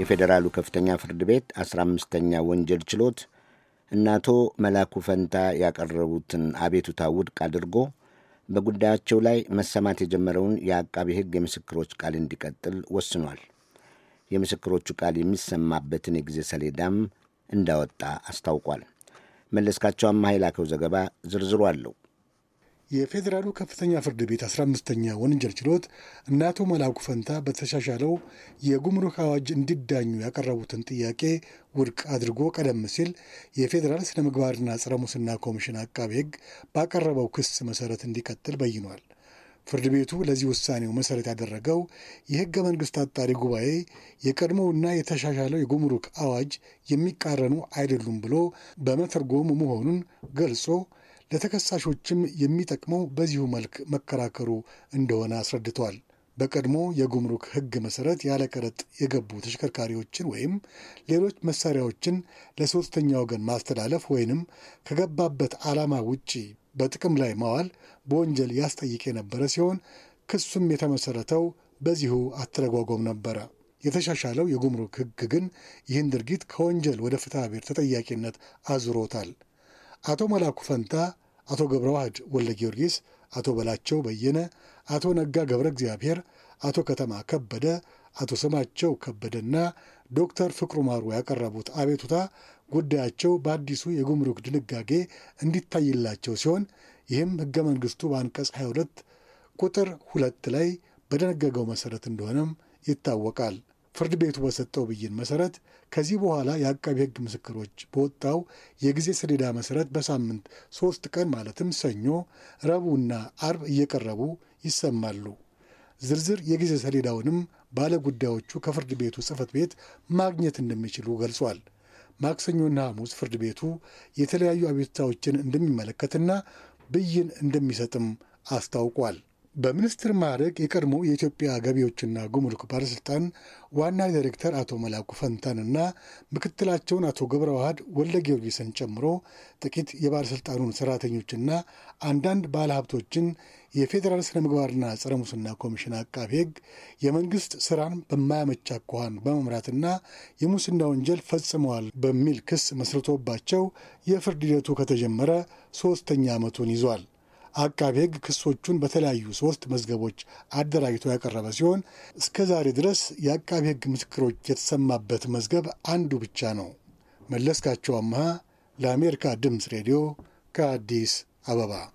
የፌዴራሉ ከፍተኛ ፍርድ ቤት 15ኛ ወንጀል ችሎት እነ አቶ መላኩ ፈንታ ያቀረቡትን አቤቱታ ውድቅ አድርጎ በጉዳያቸው ላይ መሰማት የጀመረውን የአቃቢ ሕግ የምስክሮች ቃል እንዲቀጥል ወስኗል። የምስክሮቹ ቃል የሚሰማበትን የጊዜ ሰሌዳም እንዳወጣ አስታውቋል። መለስካቸው አማሃይ ዘገባ ዝርዝሩ አለው። የፌዴራሉ ከፍተኛ ፍርድ ቤት 15ኛ ወንጀል ችሎት እነ አቶ መላኩ ፈንታ በተሻሻለው የጉምሩክ አዋጅ እንዲዳኙ ያቀረቡትን ጥያቄ ውድቅ አድርጎ ቀደም ሲል የፌዴራል ስነ ምግባርና ጸረ ሙስና ኮሚሽን አቃቤ ሕግ ባቀረበው ክስ መሰረት እንዲቀጥል በይኗል። ፍርድ ቤቱ ለዚህ ውሳኔው መሰረት ያደረገው የህገ መንግስት አጣሪ ጉባኤ የቀድሞውና የተሻሻለው የጉምሩክ አዋጅ የሚቃረኑ አይደሉም ብሎ በመተርጎሙ መሆኑን ገልጾ ለተከሳሾችም የሚጠቅመው በዚሁ መልክ መከራከሩ እንደሆነ አስረድተዋል። በቀድሞ የጉምሩክ ሕግ መሰረት ያለ ቀረጥ የገቡ ተሽከርካሪዎችን ወይም ሌሎች መሳሪያዎችን ለሶስተኛ ወገን ማስተላለፍ ወይንም ከገባበት ዓላማ ውጪ በጥቅም ላይ ማዋል በወንጀል ያስጠይቅ የነበረ ሲሆን ክሱም የተመሰረተው በዚሁ አተረጓጎም ነበረ። የተሻሻለው የጉምሩክ ሕግ ግን ይህን ድርጊት ከወንጀል ወደ ፍትሐ ብሔር ተጠያቂነት አዙሮታል። አቶ መላኩ ፈንታ፣ አቶ ገብረ ዋህድ ጊዮርጊስ፣ አቶ በላቸው በየነ፣ አቶ ነጋ ገብረ እግዚአብሔር፣ አቶ ከተማ ከበደ፣ አቶ ስማቸው ከበደና ዶክተር ፍቅሩ ማሩ ያቀረቡት አቤቱታ ጉዳያቸው በአዲሱ የጉምሩክ ድንጋጌ እንዲታይላቸው ሲሆን ይህም ህገ መንግሥቱ በአንቀጽ 22 ቁጥር ሁለት ላይ በደነገገው መሠረት እንደሆነም ይታወቃል። ፍርድ ቤቱ በሰጠው ብይን መሰረት ከዚህ በኋላ የአቃቢ ሕግ ምስክሮች በወጣው የጊዜ ሰሌዳ መሰረት በሳምንት ሶስት ቀን ማለትም ሰኞ፣ ረቡዕና አርብ እየቀረቡ ይሰማሉ። ዝርዝር የጊዜ ሰሌዳውንም ባለጉዳዮቹ ከፍርድ ቤቱ ጽህፈት ቤት ማግኘት እንደሚችሉ ገልጿል። ማክሰኞና ሐሙስ ፍርድ ቤቱ የተለያዩ አቤቱታዎችን እንደሚመለከትና ብይን እንደሚሰጥም አስታውቋል። በሚኒስትር ማዕረግ የቀድሞ የኢትዮጵያ ገቢዎችና ጉምሩክ ባለስልጣን ዋና ዳይሬክተር አቶ መላኩ ፈንታንና ምክትላቸውን አቶ ገብረ ዋህድ ወልደ ጊዮርጊስን ጨምሮ ጥቂት የባለስልጣኑን ሰራተኞችና አንዳንድ ባለሀብቶችን የፌዴራል ስነ ምግባርና ጸረ ሙስና ኮሚሽን አቃፊ ሕግ የመንግስት ስራን በማያመች አኳኋን በመምራትና የሙስና ወንጀል ፈጽመዋል በሚል ክስ መስርቶባቸው የፍርድ ሂደቱ ከተጀመረ ሶስተኛ ዓመቱን ይዟል። አቃቤ ሕግ ክሶቹን በተለያዩ ሶስት መዝገቦች አደራጅቶ ያቀረበ ሲሆን እስከ ዛሬ ድረስ የአቃቤ ሕግ ምስክሮች የተሰማበት መዝገብ አንዱ ብቻ ነው። መለስካቸው አምሃ ለአሜሪካ ድምፅ ሬዲዮ ከአዲስ አበባ